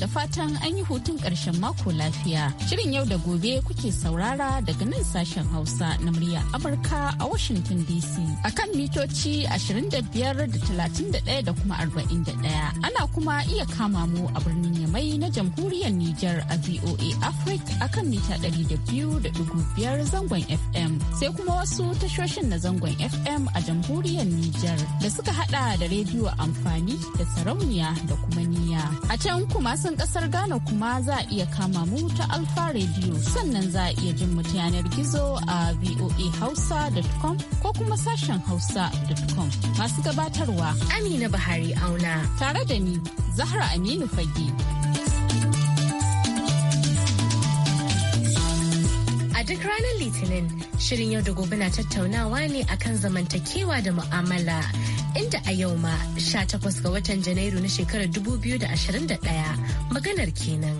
da fatan an yi hutun ƙarshen mako lafiya. Shirin yau da gobe kuke saurara daga nan sashen Hausa na murya Amurka a Washington DC. A kan mitoci 25.31 da da kuma 41. Ana kuma iya kama mu a birnin Yamai na jamhuriyar Nijar a VOA Africa a kan mita 200.5 zangon FM. Sai kuma wasu tashoshin na zangon FM a jamhuriyar Nijar da suka hada da rediyo amfani da sarauniya da kuma niya. A can kuma kudancin kasar Ghana kuma za a iya kama mu ta Alfa Radio sannan za a iya jin mu yanar gizo a voahausa.com ko kuma sashen hausa.com. Masu gabatarwa Amina Buhari Auna. Tare da ni Zahra Aminu Fage. Duk ranar Litinin, shirin yau da gobe na tattaunawa ne akan zamantakewa da mu'amala. Inda a yau ma 18 ga watan Janairu na shekarar 2021 maganar kenan.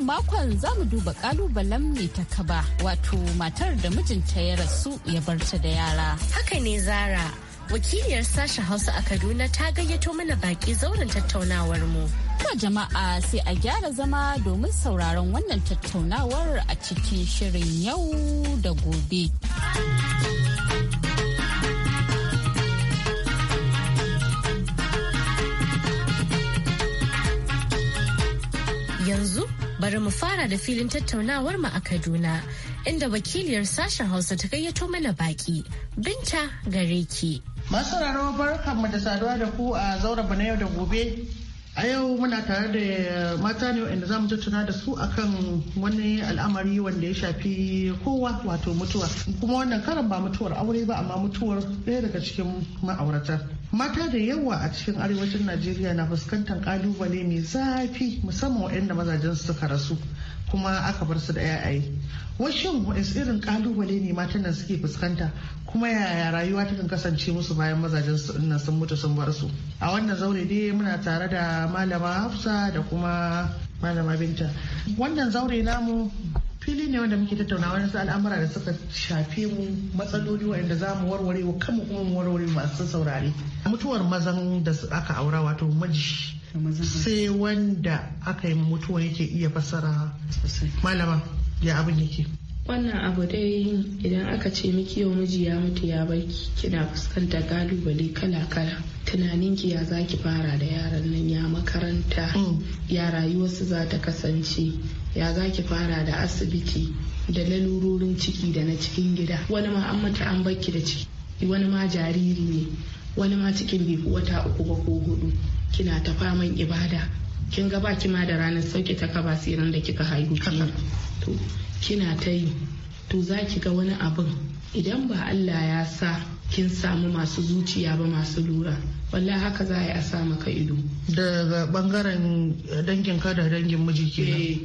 makon za mu duba kalubalen mai ta kaba wato matar da mijinta ya rasu ya barta da yara. Haka ne Zara. wakiliyar sashen hausa a kaduna ta gayyato mana baki zauren tattaunawar mu To jama'a sai a gyara zama domin sauraron wannan tattaunawar a cikin shirin yau da gobe. Yanzu bari mu fara da filin tattaunawar mu a Kaduna inda wakiliyar sashen Hausa ta gayyato mana baki Binta gare ki. Masu sauraro barkan mu da saduwa da ku a zaura na yau da gobe. A yau muna tare da mata ne wanda za mu tattauna da su akan wani al'amari wanda ya shafi kowa wato mutuwa. Kuma wannan karan ba mutuwar aure ba amma mutuwar ɗaya daga cikin ma'aurata. Mata da yawa a cikin arewacin Najeriya na fuskantar ƙalubale mai zafi musamman waɗanda mazajen su suka rasu. kuma aka bar su da yayaye washin wasu irin kalubale ne matan nan suke fuskanta kuma yaya rayuwa takan kasance musu bayan mazajen su nan sun mutu sun bar su a wannan zaure dai muna tare da malama hafsa da kuma malama binta wannan zaure namu fili ne wanda muke tattauna wani al'amura da suka shafe mu matsaloli wanda za mu warware wa kanmu kuma mu warware masu saurare mutuwar mazan da aka aura wato maji sai wanda aka yi mutuwa yake iya fasara malama ya abin yake wannan abu dai idan aka ce miki yau miji ya mutu ya barki kina fuskantar kalubale kala-kala tunanin ki ya zaki fara da yaran nan ya makaranta mm. ya rayuwarsu za ta kasance ya zaki fara da asibiti da lalurorin ciki da na cikin gida wani ma an mata an barki da ciki wani ma jariri ne wani ma cikin bai wata uku ba ko hudu kina ta faman ibada kin ga baki ma da ranar sauke ta kaba siran da kika haihu to kina ta yi to za ki ga wani abin idan ba Allah ya sa kin samu masu zuciya ba masu lura wallahi haka za a yi a sa maka ido daga bangaren dangin ka da dangin miji kenan eh.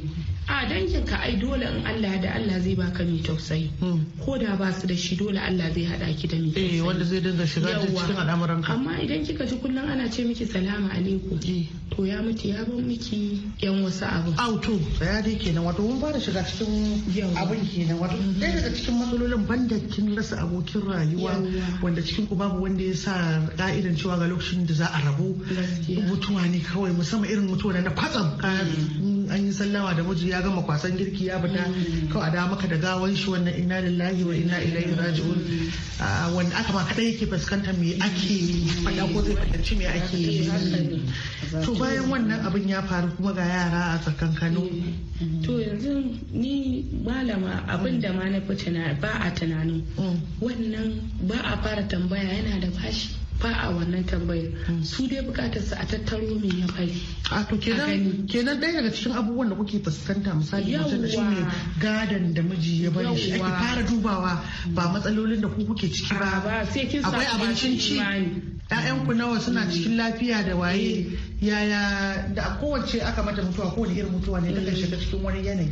a dangin ka ai dole in Allah da Allah zai baka mai tausayi hmm. ko da ba su da shi dole Allah zai hada ki da mai eh, tausayi eh wanda zai dinga shiga cikin al'amuran ka amma idan kika ji kullun ana ce miki salama alaikum eh. to ya mutu ya bar miki yan wasu abu auto ya dai kenan wato mun fara shiga cikin abin kenan wato dai mhm. daga cikin matsalolin banda kin rasa abokin rayuwa wanda cikin ku babu wanda ya sa ka'idan cewa ga lokacin da za a rabu mutuwa ne kawai musamman irin mutuwa na kwatsam mhm. an yi sallama da miji ya gama kwasan girki ya fita kawai a da ka da gawan shi wannan inna lillahi wa inna ilaihi raji'un wanda aka ma kadai yake fuskanta me ake faɗa ko zai fahimci me ake yi to bayan wannan abin ya faru kuma ga yara a tsakan kano. to yanzu ni malama abin da ma na fi ba a tunanin mm. wannan ba a fara tambaya yana da bashi ba a wannan tambayar hmm. su dai bukatar su a tattaro mai ya bari a to kenan kenan ɗaya daga cikin abubuwan da kuke fuskanta misali mutum da shine gadon da miji ya bari shi ake fara dubawa ba matsalolin da ku kuke ciki ba akwai abincin ci 'ya'yanku nawa suna cikin lafiya da waye eh. yaya da kowace aka mata mutuwa kowane irin mutuwa ne daga shiga cikin wani yanayi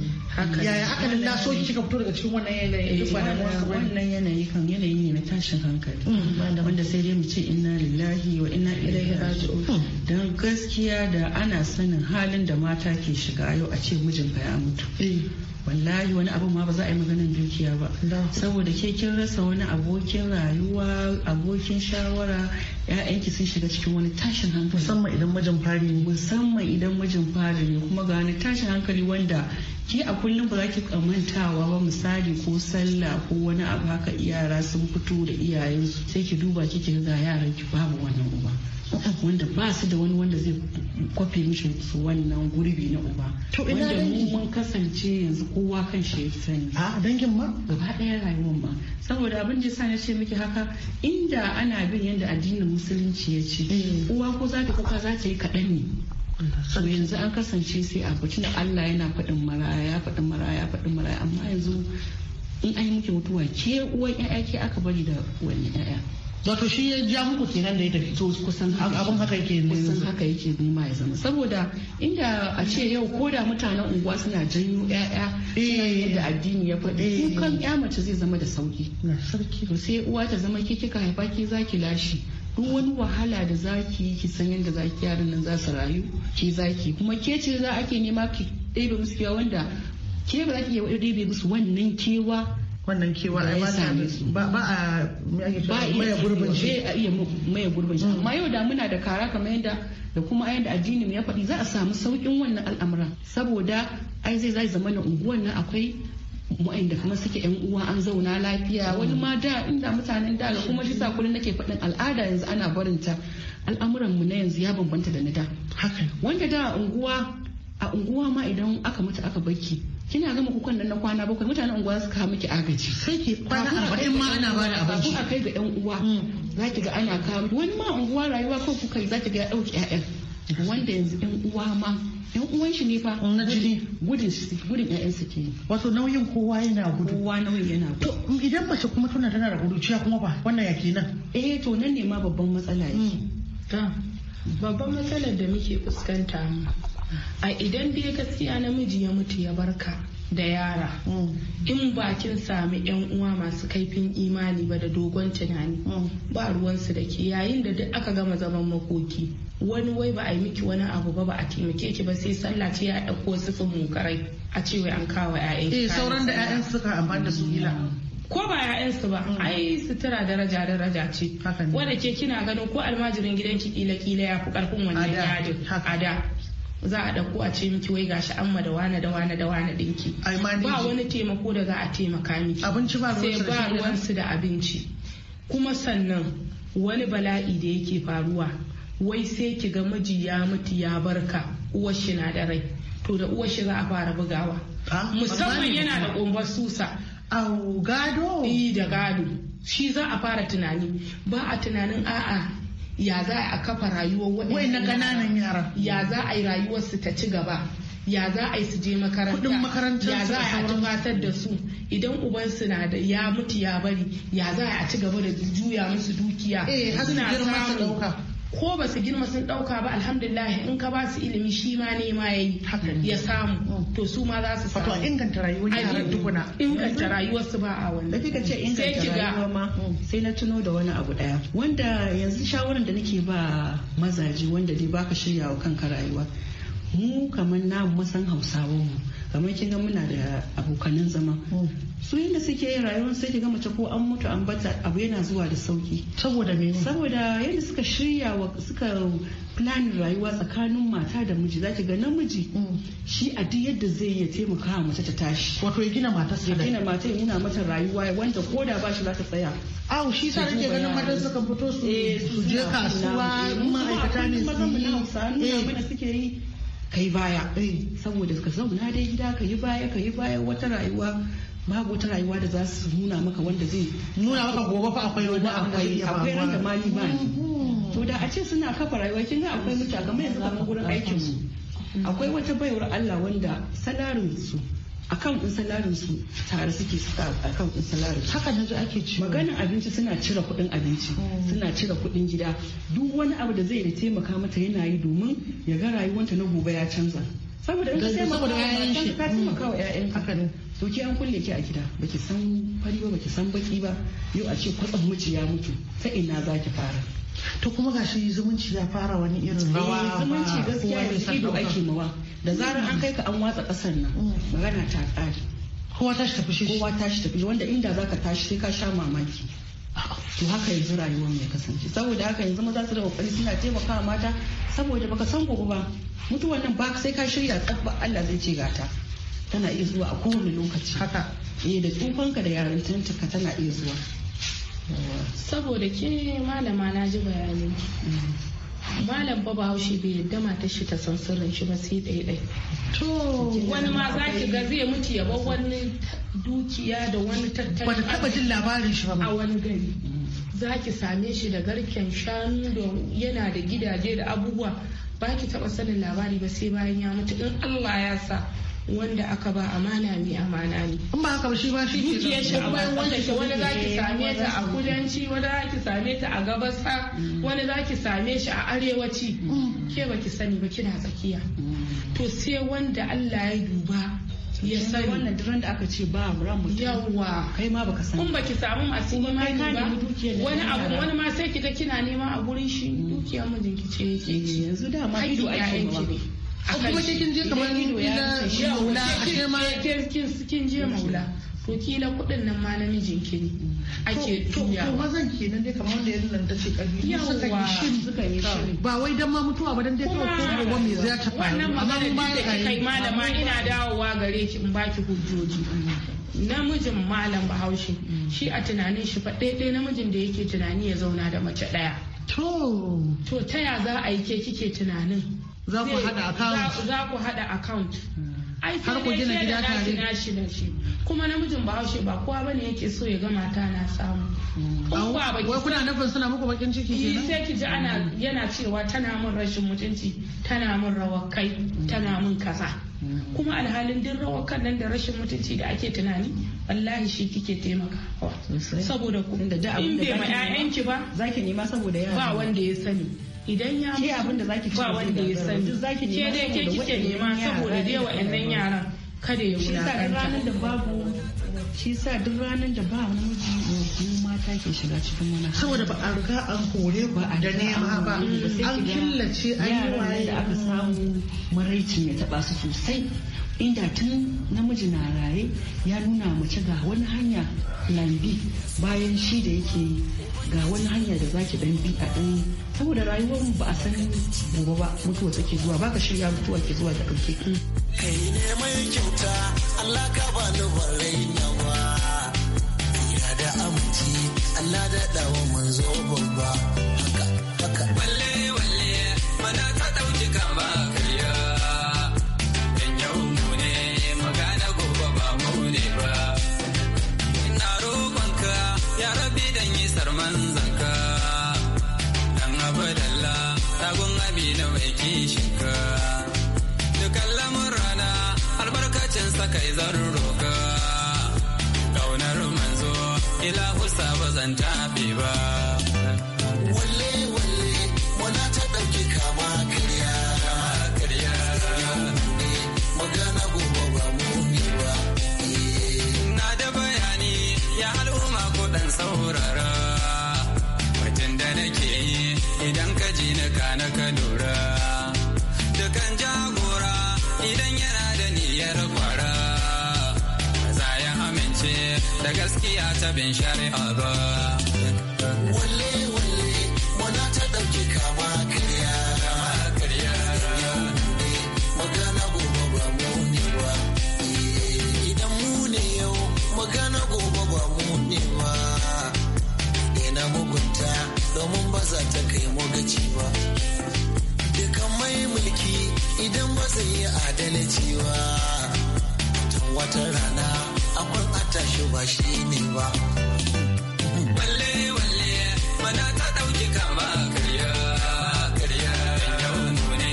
yaya aka lalla so ki kika fito daga cikin wannan yanayi eh, wannan yanayi kan yanayi ne na tashin hankali mm. wanda sai dai mu ce inna lillahi wa inna ilaihi raji'un dan mm. gaskiya da ana sanin halin da mata ke shiga yau a ce mijinka ya mutu eh. wallahi wani abu ma ba za a yi maganin dukiya ba saboda ke kin rasa wani abokin rayuwa abokin shawara ya'yanki sun shiga cikin wani tashin hankali musamman idan mijin fari ne musamman idan mijin fari ne kuma ga wani tashin hankali wanda ke a kullum ba za ki kamantawa ba misali ko sallah ko wani abu haka yara sun fito da iyayensu sai ki duba kike ga yaran ki babu wannan uba wanda ba su da wani wanda zai kwafe mishi su wannan gurbi na uba wanda mu mun kasance yanzu kowa kan shi ya sani a dangin ma gaba daya rayuwar ma saboda abin da yasa na ce miki haka inda ana bin yadda addinin musulunci ya ce eh. uwa ko za ta kuka za ta yi kaɗan ne so yanzu an kasance sai a da Allah yana faɗin maraya ya faɗin maraya ya faɗin maraya amma yanzu in an yi muke mutuwa ke uwan ƴaƴa ke aka bari da wani ƴaƴa wato shi ya ja muku kenan da ya tafi to kusan abin haka yake kusan haka yake nema ya zama saboda inda a ce yau ko da mutanen unguwa suna janyo ƴaƴa suna eh. yadda addini ya faɗi eh. kukan ƴa mace zai zama da sauki to sai uwa ta zama ke kika haifa ke zaki lashi duk wani wahala da zaki yi ki san yadda zaki yaran nan za su rayu ke zaki kuma ke ce za ake nema ki ɗebe musu kewa wanda ke ba za ki iya ɗebe musu wannan kewa wannan kewa a ba ba ba a maye gurbin shi ba iya maye gurbin shi amma yau da muna da kara kamar yadda da kuma ayyanda addinin ya faɗi za a samu sauƙin wannan al'amuran saboda ai zai zai zama na unguwan nan akwai da kuma suke yan uwa an zauna lafiya wani ma da inda mutanen da kuma shi sa kullum nake faɗin al'ada yanzu ana barin ta al'amuran mu na yanzu ya bambanta da na da wanda da unguwa a unguwa ma idan aka mutu aka barki kina gama kukan nan na kwana bakwai mutanen unguwa su kawo miki agaji sai ki kwana arba'in ma ana ba abinci kafin a kai ga yan uwa mm. za ki ga ana kawo wani ma unguwa rayuwa ko kuka yi za ki ga ya ɗauki 'ya'yan wanda yanzu yan uwa ma yan uwan shi ne fa na jini gudun gudun ƴaƴansu ke wato nauyin kowa yana gudu kowa nauyin yana gudu to idan mace kuma tana tana da ciya kuma ba wannan ya nan eh to nan ne ma babban matsala yake hmm. babban matsalar da muke fuskanta mu a idan dai gaskiya namiji ya mutu ya barka da yara mm. in ba kin sami yan uwa masu kaifin imani ba da dogon tunani mm. ba ruwansu da ke yayin da duk aka gama zaman makoki wani wai ba a yi miki wani abu ba ba a taimake ki ba sai sallah ce ya ɗauko sufin munkarai a ce wai an kawo 'ya'yan eh sauran da 'ya'yan suka amfani da su ila ko ba su ba mm. ai sutura daraja daraja ce wanda ke kina ganin ko almajirin gidanki ki kila kila ya fi karfin wannan yadin a da za a ɗauko a ce miki wai gashi amma da wane da wane da wane dinki ba wani taimako da za a taimaka miki abinci ba sai ba ruwansu da abinci kuma sannan wani bala'i da yake faruwa wai sai ki ga miji ya mutu ya barka uwar shi na da rai to da uwar shi za a fara bugawa musamman yana da kumbar susa gado eh, da gado shi za a fara tunani ba a tunanin a'a ya za a kafa rayuwar waɗannan ƙananan yara ya za a yi su ta ci gaba ya za a yi su je makaranta ya za a tufatar da su idan uban suna da ya mutu ya bari ya za a ci gaba da juya musu dukiya eh, suna samun. ko ba su girma sun dauka ba alhamdulillah in ka ba su ilimi shi ma ne ma yayi ya samu to su ma za su samu wato inganta rayuwar yaran tukuna inganta rayuwar su ba a wannan ka ce inganta rayuwar ma sai na tuno da wani abu daya wanda yanzu shawaran da nake ba mazaje wanda dai baka shirya wa kanka rayuwa mu kamar namu masan hausawan mu kamar kin ga muna da abokanan zama mm. su yadda suke yin rayuwar sai ga mace ko an mutu an bata abu yana zuwa da sauki saboda me saboda yadda suka shirya wa suka planin rayuwa tsakanin mata da miji zaki ga namiji mm. shi a duk yadda zai iya taimaka wa mace ta tashi wato ya gina mata sai gina mata ya gina mata rayuwa wanda ko da ba shi za ta tsaya aw shi sa nake ganin matan suka fito su eh, je kasuwa ma'aikata ne su yi eh suke yi kai baya eh saboda ka zauna dai gida ka yi baya ka yi baya wata rayuwa ma wata rayuwa da za su nuna maka wanda zai nuna maka gobe fa akwai wani akwai akwai ran da mali ba mm-hmm. to da a ce suna kafa rayuwa kin ga akwai mutaka mai yanzu gurin aikin mu akwai wata baiwar Allah wanda salarin su akan insalarin su tare suke suka akan insalarin haka na zo ake ci maganin abinci suna cire kudin abinci hmm. suna cire kudin gida duk wani abu da zai da taimaka mata yana yi domin ya ga rayuwanta na gobe ya canza saboda in ka taimaka wa ka taimaka wa ƴaƴan hmm. haka ne to ki an kulle ki a gida baki san fari ba baki san baki ba yau a ce kwatsam miji ya mutu ta ina za ki fara to kuma gashi zumunci ya fara wani irin rawa eh, zumunci gaskiya yanzu ido ake mawa da mm. zarar an kai ka an watsa kasar nan mm. magana ta tsari kowa tashi tafi shi kowa tashi tafi wanda inda zaka tashi sai ka sha mamaki to haka yanzu rayuwar ya kasance saboda haka yanzu maza su da kokari suna taimakawa mata saboda baka san gobe ba mutuwan nan ba sai ka shirya tsabba Allah zai ce gata tana iya zuwa a kowane lokaci haka eh da tsufanka da ka tana iya zuwa saboda ke malama na ji bayanin malam ba Haushe bai yadda ta shi ta san sirrin shi ba sai dai dai to wani ma za ki ga zai mutu ya bar wani dukiya da wani tattalin wani taɓa jin labarin shi ba a wani gari za ki same shi da garken shanu da yana da gidaje da abubuwa ba ki taɓa sanin labari ba sai bayan ya mutu in Allah ya sa wanda aka ba amana ne amana ne in ba haka shi ba shi ke shi ba. wanda ke wani ki same ta a kudanci wani za ki same ta a gabasa wani za ki same shi a arewaci ke ba ki sani ba kina tsakiya to sai wanda Allah ya duba ya sani wannan duran da aka ce ba ran mutum yawa kai ma baka sani kun ki samu masu imani ba wani abu wani ma sai ta kina nema a gurin shi dukiyar mijinki ce yake eh, yanzu dama ido ake ko kuma ke kin je kamar na maula a ce ma kin je maula to kila kuɗin nan ma namijin ki ne ake tuya to mazan kenan dai kamar wanda ya nan ta ce karfi suka yi shiri suka yi shiri ba wai dan ma mutuwa ba dan dai kawai ko gobe me zai ta faru wannan magana da kai malama ina dawowa gare ki in baki hujjoji namijin malam bahaushe shi a tunanin shi fa ɗaya namijin da yake tunani ya zauna da mace ɗaya to to ta ya za a yi ke kike tunanin za ku hada account za ku hada account hmm. ai har ku gina gida tare nashi nashi kuma namijin bahaushe ba kowa bane yake so ya ga mata na samu hmm. wai kuna nufin suna muku bakin ciki eh, kenan sai ki ji ana hmm. yana cewa tana mun rashin mutunci tana mun rawar kai tana mun kaza kuma alhalin din rawar kan nan da rashin mutunci da ake tunani wallahi shi kike taimaka saboda ku in bai ma 'ya'yanki ba zaki nema saboda yara ba wanda ya sani idan ya ce abin da zaki ba wanda ya sani zaki ce dai ke kike nema saboda dai wa'annan yaran kada ya wulakanta shi sa duk ranar da ba miji mu mata ke shiga cikin wani saboda ba a riga an kore ba a da nema ba an killace an yi waye da aka samu maraicin ya taba su sosai inda tun namiji na raye ya nuna mace ga wani hanya lambi bayan shi da yake ga wani hanya da zaki dan bi a dan saboda rayuwar mu ba a san gobe ba mutuwa take zuwa ka shirya mutuwa ke zuwa da ɗauke kai zan be ba. gaskiya ta bin shari'a ba. Wale-wale muna ta ɗauki kama karya. Magana gobe ba mu ne eh, Idan mu ne yau magana gobe ba mu ne ba. Ina eh, mugunta domin ba za ta kai mu gaci ba. Dukan mai mulki idan ba zai yi adalci ba. Tun wata rana akwai ta shi ba shi ne ba. Walle walle mana ta ɗauki kama karya karya yau ne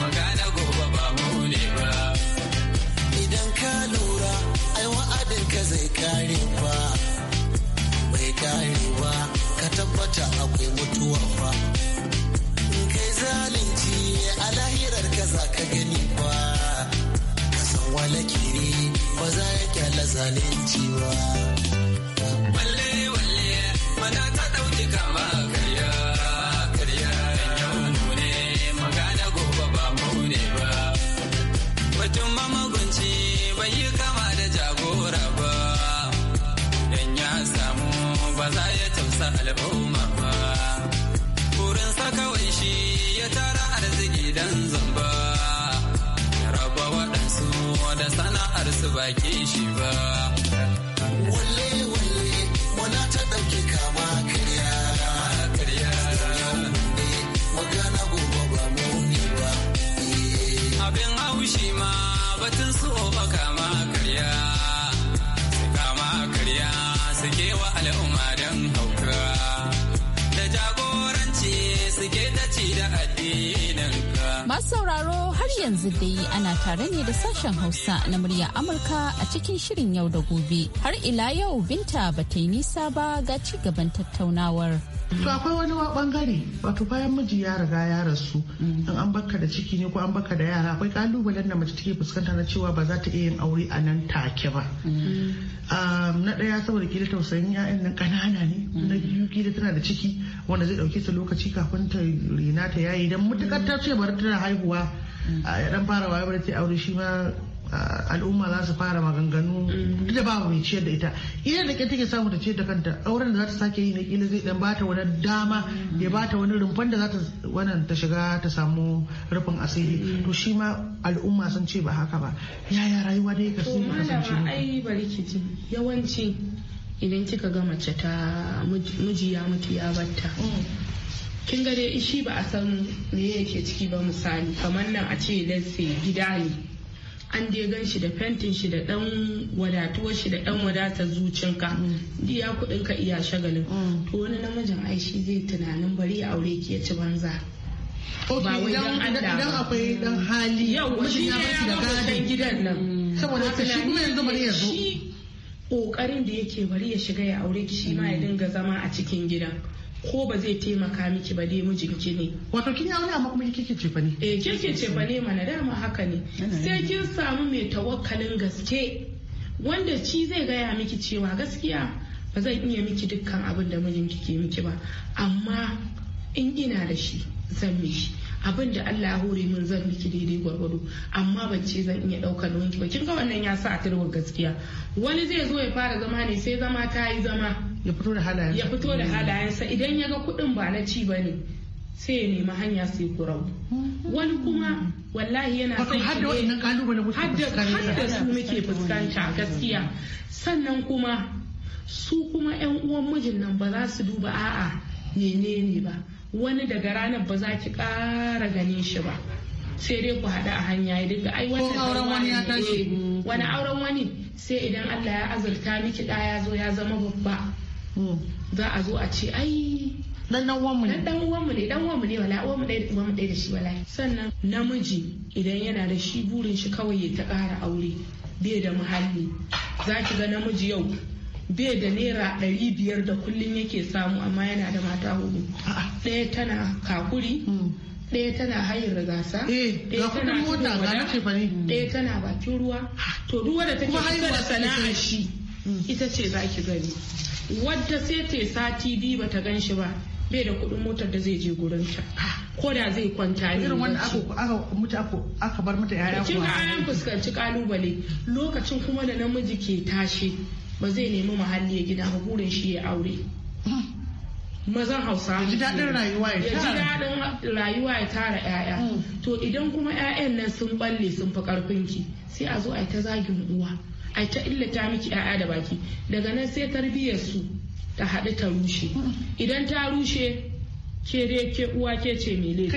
magana gobe ba mu ne ba. Idan ka lura ai wa'adin ka zai kare ba bai kare ba ka tabbata akwai mutuwa ba. Kai zalunci a lahirar ka za ka gani ba ka san walake ba za ya kyala zalunci ba. Walle walle mana ta ɗauki kama karya karya yau ne magana gobe ba mu ne ba. Batun mamagunci bai yi kama da jagora ba. Dan ya samu ba za ya tausa al'umma su ba shi ba. Walle walle wana ta ɗauke kama yanzu dai ana tare ne da sashen Hausa na murya Amurka a cikin shirin yau da gobe. Har ila yau Binta ba ta yi nisa ba ga ci gaban tattaunawar. To akwai wani bangare wato bayan miji ya riga ya rasu mm. in an baka da ciki ne ko an baka da yara akwai kalubalen da mace take fuskanta na cewa ba za ta iya yin aure a nan take ba. Mm. Na ɗaya saboda kila tausayin 'ya'yan nan kanana ne mm. na biyu kila tana da ciki wanda zai ɗauke ta lokaci kafin ta rena ta yayi dan mutukar ta ce bari tana haihuwa Mm. a ah, ya dan fara wayar ce aure shi ma ah, al'umma za su fara maganganu mm. duk da babu mai ciyar da ita ina da take samu ta ciyar da kanta auren da za ta sake yi na kila zai dan bata wani dama ya mm. bata wani rumfan da za ta wannan ta shiga ta samu rufin asiri to shi ma al'umma sun ce ba haka ba yaya rayuwa dai ka sun kasance ai yawanci idan kika ga mace ta miji ya mutu ya batta kin ga dai shi ba a san me yake ciki ba misali kamar nan a ce lansi gida ne an dai gan shi da fentin shi da dan wadatuwar shi da dan wadatar zucinka iya mm. kudin ka iya shagalin mm. to wani namijin ai shi zai tunanin bari ya aure ki ya ci banza ba idan akwai dan hali yau shi ya ba da gidan nan saboda shi kuma yanzu bari ya zo kokarin da yake bari ya shiga ya aure ki shi ma ya mm. dinga zama a cikin gidan ko ba zai taimaka miki ba dai mijinki ne. Wato kin yi aure amma kuma kike ce ne. Eh kike ce mana mana ma haka ne. Sai kin samu mai tawakkalin gaske wanda ci zai gaya miki cewa gaskiya ba zan iya miki dukkan abin da mijinki ke miki ba amma in ina da shi zan miki. abin da Allah ya hore min zan miki daidai gwargwado amma ban ce zan iya ɗaukar nauyin ba kin ga wannan ya sa a gaskiya wani zai zo ya fara zama ne sai zama ta yi zama ya fito da halayen ya fito da halayensa idan ya ga kuɗin ba na ci ba ne sai ya nemi hanya sai kurau mhm. wani kuma wallahi yana sai har da wa'annan kalubale har da su muke fuskanta gaskiya sannan kuma su kuma yan uwan mijin nan ba za su duba a'a menene ba wani daga ranar ba za ki kara ganin shi ba sai dai ku haɗu a hanya ya dinga ai wannan auren wani ya tashi eh, wani auren wani sai idan Allah ya azurta miki ɗaya ya zo ya zama babba za a zo a ce ai dan dan uwanmu ne dan uwanmu ne dan uwanmu ne wala uwanmu ɗaya da uwanmu dai da shi wala sannan namiji idan yana da shi burin shi kawai ya ta kara aure bai da muhalli za ki ga namiji yau bai da naira ɗari biyar da kullum yake samu amma yana da mata hudu ɗaya tana kakuri hmm. ɗaya tana hayar gasa eh, ɗaya tana bakin ruwa to duk wanda take da sana'a shi ita ce za ki gani wadda sai ta sati biyu bata gan shi ba bai da kuɗin motar da zai je gurin ta ko da zai kwanta ne irin wanda aka mutu aka bar mata yaya kuma kin fuskanci kalubale lokacin kuma da namiji ke tashi ba zai nemi muhalli ya gida ba burin shi ya aure mazan hausa ya ji daɗin rayuwa ya tara yaya mm. to idan kuma yayan nan sun balle sun fi karfin ki sai a zo a yi ta zagin uwa a ta illata miki 'ya'ya da baki daga nan sai tarbiyyar su ta haɗu ta rushe idan ta rushe ke ke uwa ke ce mai laifi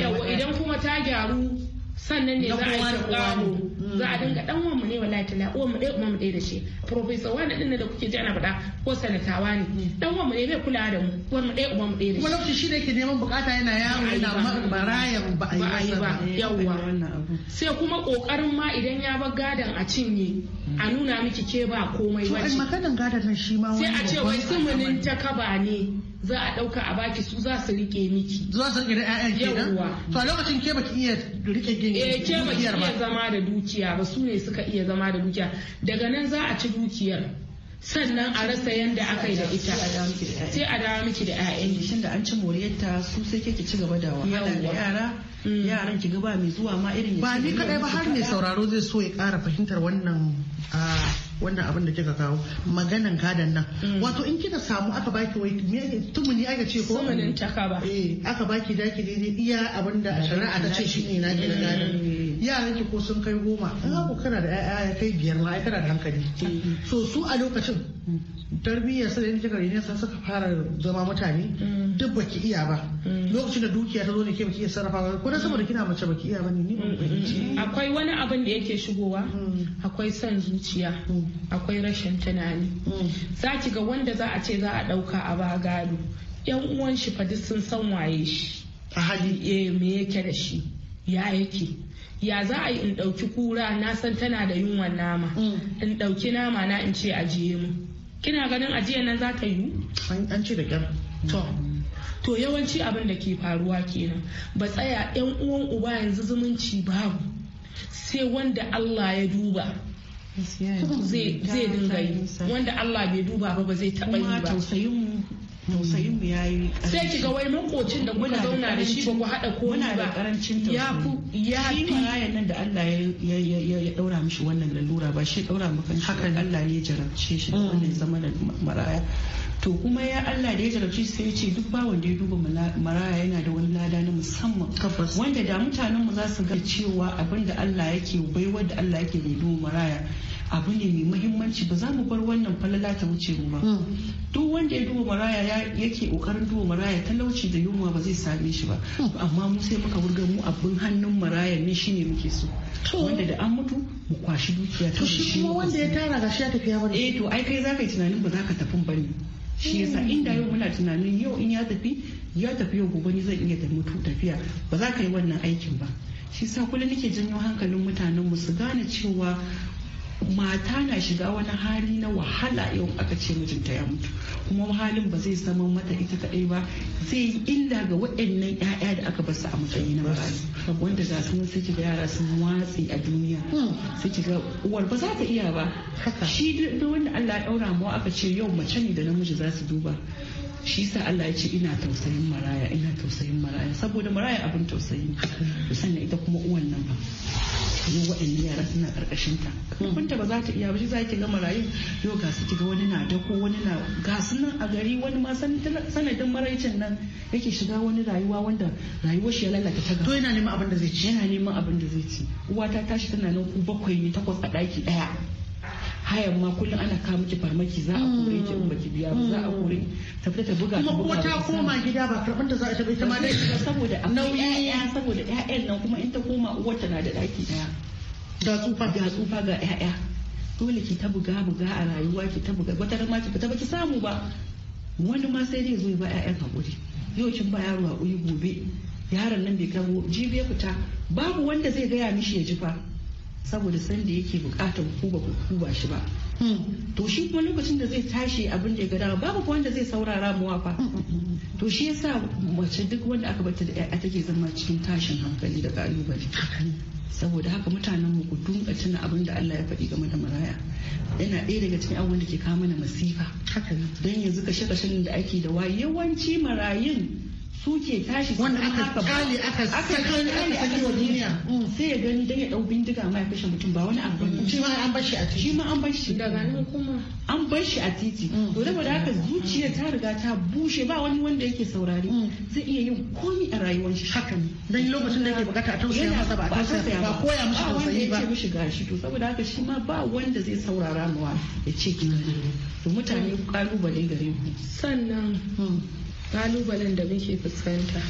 yawa idan kuma ta gyaru sannan ne za a yi karo mm. za a dinga dan wanmu ne wallahi tala uwan mu dai uwan mu dai da shi professor wani din da kuke ji ana faɗa ko sanatawa ne dan mm. wanmu ne bai kula da mu uwan mu dai uwan mu dai da shi kuma lokaci shi da ke neman bukata yana yawo yana barayan ba a yi ba yawa sai kuma kokarin ma idan ya bar gadan a cinye a nuna miki ke ba komai wace maganin gadon shi ma sai a ce wai sumunin ta kaba ne za a dauka a baki su za su rike miki za su rike da ƴaƴan kenan to a lokacin ke baki iya rike gini eh ke baki iya zama da dukiya ba su ne suka iya zama da dukiya daga nan za a ci dukiyar sannan a rasa yadda aka yi da ita sai a dawo miki da 'ya'yan shin da an ci moriyarta su sai ke ci gaba da wahala da yara mm. yaran ki gaba mai zuwa ma irin ba ni kadai ba har mai sauraro zai so ya kara fahimtar wannan 啊 wannan abin da kika kawo maganan kadan nan mm. wato in kika samu aka baki wai me tumuni aka ce ko taka takaba eh aka baki daki daidai iya abin da shari'a ta ce shine na kira gadan mm. yaran ki ko sun kai goma in ku kana da ya kai biyar ma ai kana da hankali mm. so su a lokacin tarbiyyar sai in kika ne sai suka fara zama mutane duk baki iya ba lokacin da dukiya ta zo ne ke baki iya sarrafa ba ko da saboda kina mace baki iya bane ne akwai wani abin da yake shigowa akwai son zuciya akwai rashin tunani mm. za ki ga wanda za a ce za a ɗauka a ba gado yan uwan shi fadi sun san waye shi a hali eh me yake da shi ya yake ya za a yi in ɗauki kura na san tana da yunwan nama mm. in ɗauki nama na in ce ajiye mu kina ganin ajiyan nan za ta yi an ce da kyar to to yawanci abin da ke faruwa kenan ba tsaya yan uwan uba yanzu zumunci babu sai wanda Allah ya duba zai dinga yi wanda Allah bai duba ba ba zai taɓa yi ba tausayin mu ya yi sai ki ga wai makocin da kuka zauna da shi ba ku hada komai ba muna da karancin tausayi ya fi marayan nan da Allah ya ɗaura daura mishi wannan lalura ba shi daura maka hakan Allah ne ya jarabce shi wannan mm. zama da maraya to kuma ya Allah da ya jarabci sai ya ce duk bawan da ya duba maraya yana da wani lada na musamman wanda da mutanen mu za su ga cewa abin da Allah yake baiwar da Allah yake bai duba maraya abu ne mai muhimmanci ba za mu bar wannan falala ta wuce mu ba hmm. duk wanda ya duba maraya yake kokarin duba maraya talauci da yunwa ba zai same shi ba hmm. amma mu sai muka wurga mu abin hannun maraya ne shine muke so wanda da an mutu mu kwashi dukiya to shi kuma wanda ya tara gashi ya tafi bane eh to ai kai zaka yi tunanin ba zaka ba ne. shi yasa hmm. inda yau muna tunanin yau in ya tafi ya tafi yau gobe ne zan iya da mutu tafiya ba za ka yi wannan aikin ba shi sa kullum nake janyo hankalin mutanen mu su gane cewa mata na shiga wani hali na wahala yau aka ce mijinta ya mutu kuma halin ba zai zama mata ita kadai ba zai yi illa ga waɗannan 'ya'ya da aka basu a matsayi na marayu wanda ga su sai kiga yara sun watsi a duniya sai kiga uwar ba za ta iya ba shi da wanda Allah ya daura mu aka ce yau mace ne da namiji za su duba shi sa Allah ya ce ina tausayin maraya ina tausayin maraya saboda maraya abin tausayi ne sannan ita kuma uwan nan ba yau waɗannan yara suna ƙarƙashin ta kunta ba za ta iya ba shi za ki ga marayu yau ga su ki ga wani na dako wani na ga su nan a gari wani ma sanadin maraicin nan yake shiga wani rayuwa wanda rayuwar shi ya lalata ta to yana neman abin da zai ci yana neman abin da zai ci uwata tashi tana nan ku bakwai ne takwas a ɗaki ɗaya haya ma kullum ana kawo miki farmaki za a mm. kore ki in baki biya za a mm. kore tafi ta buga kuma ko ta koma gida ba karban da za a tafi ta ma dai saboda nauyi saboda ƴaƴan nan kuma in ta koma uwar ta na da daki daya da tsufa da tsufa ga ƴaƴa dole ki ta buga buga a rayuwa ki ta buga wata rama ki fita baki samu ba wani ma sai dai zo ba ƴaƴan hakuri yau kin ba yaro hakuri gobe yaron nan bai kawo jibe fita babu wanda zai gaya mishi ya ji fa saboda sanda yake bukatar ku ba ku ba shi ba hmm. to shi kuma lokacin da zai tashi abin da ya gada babu wanda zai saurara mu wafa hmm, hmm, to shi yasa mace duk wanda aka bata da ƴaƴa take zama cikin tashin hankali da kalubale saboda haka mutanen mu ku dunga tuna abin da Allah ya faɗi game da maraya yana ɗaya daga cikin abubuwan da ke kawo mana masifa don yanzu kashe kashen da ake da wa yawanci marayun su ke tashi wanda aka kali aka sakali aka saki wa duniya mm, sai ya gani dan ya dau bindiga ma ya kashe mutum ba wani abu bane shi ma an bar shi a titi shi ma an bar shi daga nan kuma an bar shi a titi mm. to saboda haka zuciya ta riga ta bushe ba wani wanda yake saurare mm. zai iya yin komi a rayuwar shi haka ne dan lokacin da yake bukata a tausaya masa ba a tausaya ba koya mishi tausayi ba wanda ya shiga gashi to saboda haka shi ma ba wanda zai saurara mawa ya ce kin to mutane kalubale gare ku sannan kalubalen da muke fuskanta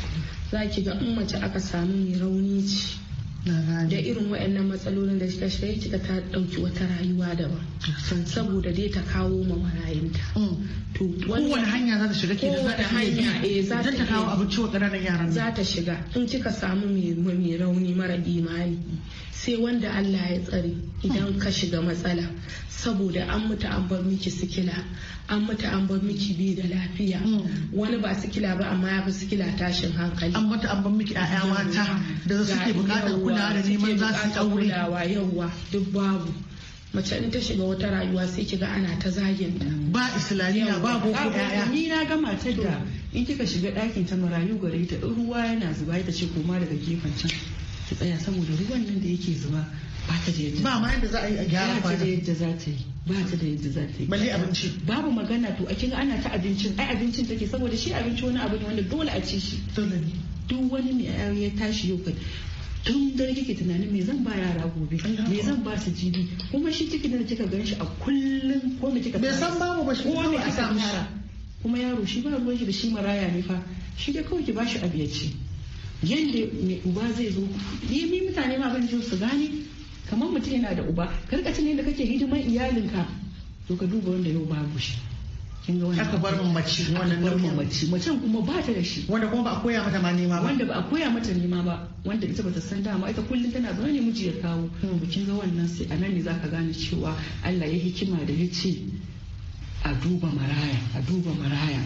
za ki ga in mace aka samu mai rauni ce da irin waɗannan matsalolin da kika shiga cika ta ɗauki wata rayuwa daban saboda dai ta kawo ma marayinta mm. kowane hanya za ta shiga ke da hanya za ta eh, kawo abinci wa ƙananan yaran za ta shiga in kika samu mai rauni mara imani sai wanda Allah ya tsare idan mm. ka shiga matsala saboda an mutu an bar miki sikila an mutu an bar miki bi da lafiya mm. wani ba sikila ba amma ya fi sikila tashin hankali an mutu an bar miki a mata da suke bukatar kula kulawa da neman za su aure wa yauwa duk babu mace in ta shiga wata rayuwa sai kiga ana ta zagin ba islamiya ba ko kudaya ni na ga matar da in kika shiga dakin ta marayu gare ta ruwa yana zuba ita ce koma daga gefen can ki tsaya saboda ruwan nan da yake zuba ba ta da yadda ba ma yadda za a yi a gyara ba ta da yadda za ta yi ba ta da yadda za ta yi balle abinci babu magana to a kinga ana ta abincin ai abincin take saboda shi abinci wani abu ne wanda dole a ci shi dole ne duk wani mai ya tashi yau tun dare kike tunanin me zan ba yara gobe me zan ba su jibi kuma shi ciki da kika ganshi a kullun ko me kika Me san babu ba shi ko me kika yara kuma yaro shi ba ruwan shi da shi maraya ne fa shi da kawai ki ba shi abu ya ci uba zai zo ni mutane ma ban su gane kamar mutum yana da uba karkacin da kake hidiman iyalinka to ka duba wanda yau babu shi kin ga bar mu mace wannan nauyin mace macen kuma ba ta da shi wanda kuma ba a koya mata ma nema ba wanda ba a koya mata nema ba wanda ita ta san dama ita kullum tana zuwa ne miji ya kawo hmm. kin ga wannan sai anan ne zaka gane cewa Allah ya hikima da ya ce a duba maraya a duba maraya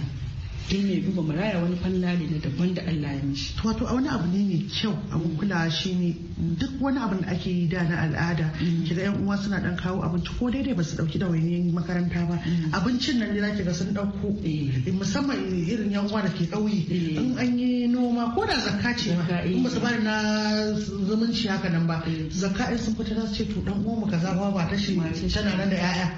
duk mai duba maraya wani falla ne na daban da Allah muhimmanci wato a wani abu ne mai kyau kula shi shine duk wani abin da ake yi da na al'ada mm. ga yan uwa suna dan kawo abinci ko daidai ba su dauki wani makaranta ba mm. abincin nan da ga sun dauko eh. musamman irin yan uwa da ke kauye eh. in an yi noma ko da zakka ce eh. in ba su bari na zumunci haka nan ba zakka in sun fita za su ce to dan uwa mu kaza ba ba tashi tana nan da yaya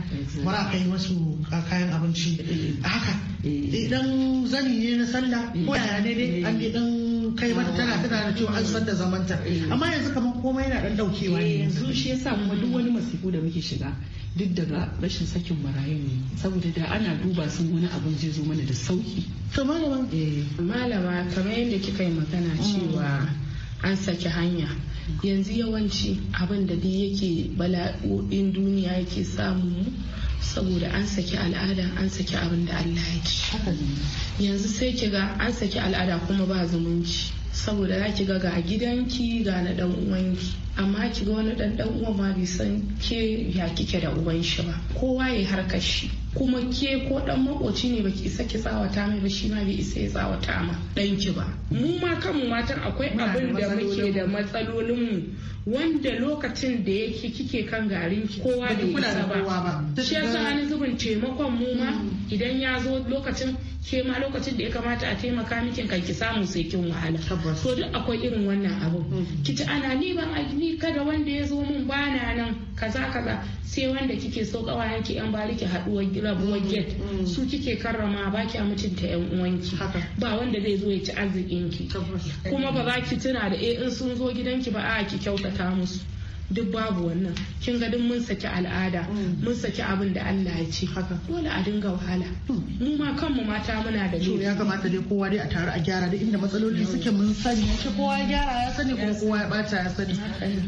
mara kai masu kayan abinci haka idan zani ne na sallah ko yaya ne dai an dan kai wata tana tana da cewa an san da zamanta amma yanzu kamar komai yana dan daukewa ne eh, yanzu shi yasa kuma duk wani masifu da muke shiga duk daga rashin sakin marayu ne saboda da ana duba sun wani abun zai zo mana da sauki to malama eh. malama kamar yadda kika yi magana mm. cewa an saki hanya yanzu yawanci abin da duk yake bala'o'in duniya yake samu saboda an saki al'ada an saki abin da Allah ya ci yanzu sai ki ga an saki al'ada kuma ba zumunci saboda za ki ga ga gidanki ga na dan uwanki amma ki ga wani dan uwa ma bai san ke ya kike da uban shi ba kowa ya harkar shi kuma ke ko dan makoci ne baki isa ki tsawata mai ba shi ma bai isa ya tsawata ma dan ki ba mu ma kanmu matan akwai abin da muke da matsalolin mu wanda lokacin da yake kike kan garin ki kowa da isa ba shi yasa an zubin taimakon mu ma mm. idan ya zo lokacin ke ma lokacin da ya kamata a taimaka miki kan ki samu sai kin wahala to duk akwai irin wannan abu mm. kici ana ni ban aiki ni kada wanda ya zo min bana nan kaza kaza sai wanda kike so kawayen ki yan bari ki haduwar rabuwar get mm. su kike karrama ba ki mutunta yan uwanki ba wanda zai zo ya ci arzikin ki kuma ba za ki tuna da eh in sun zo gidanki ba a ki kyautata musu duk babu wannan kin ga duk mun saki al'ada mm. mun saki abin da Allah ya ce dole a dinga wahala mm. mu ma kanmu mata muna da laifi ya kamata dai kowa dai a tare a gyara duk inda matsaloli suke mun sani shi kowa ya gyara ya sani kuma kowa ya bata ya sani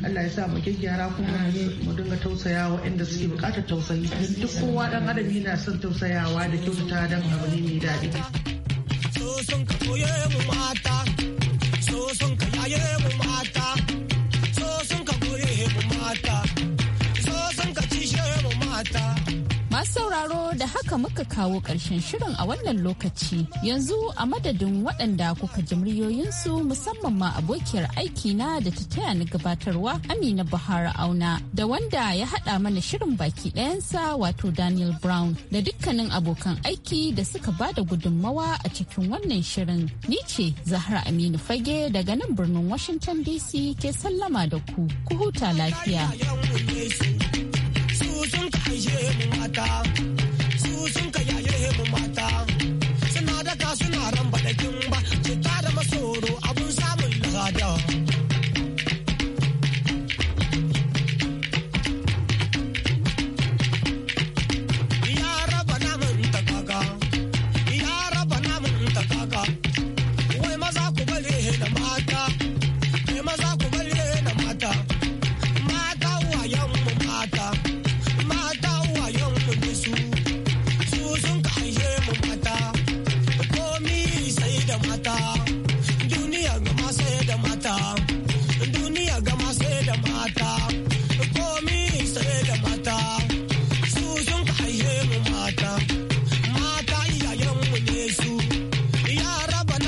Allah ya sa mu gyara kuma mu dinga tausayawa inda suke bukatar tausayi duk kowa dan adam yana son tausayawa da kyautata dan abu ne mai daɗi so son ka koye mu mata so son ka yaye mu mata Masu sauraro da haka muka kawo ƙarshen shirin a wannan lokaci yanzu a madadin waɗanda kuka ji muryoyinsu musamman ma abokiyar aikina da ta taya ni gabatarwa Amina buhari Auna da wanda ya haɗa mana shirin baki ɗayansa wato Daniel Brown da dukkanin abokan aiki da suka ba da gudunmawa a cikin wannan shirin. Ni ce Zahra Aminu Fage daga nan birnin Washington DC ke sallama da ku, ku huta lafiya. sun ka aishe mu mata su sun ka yashe mu mata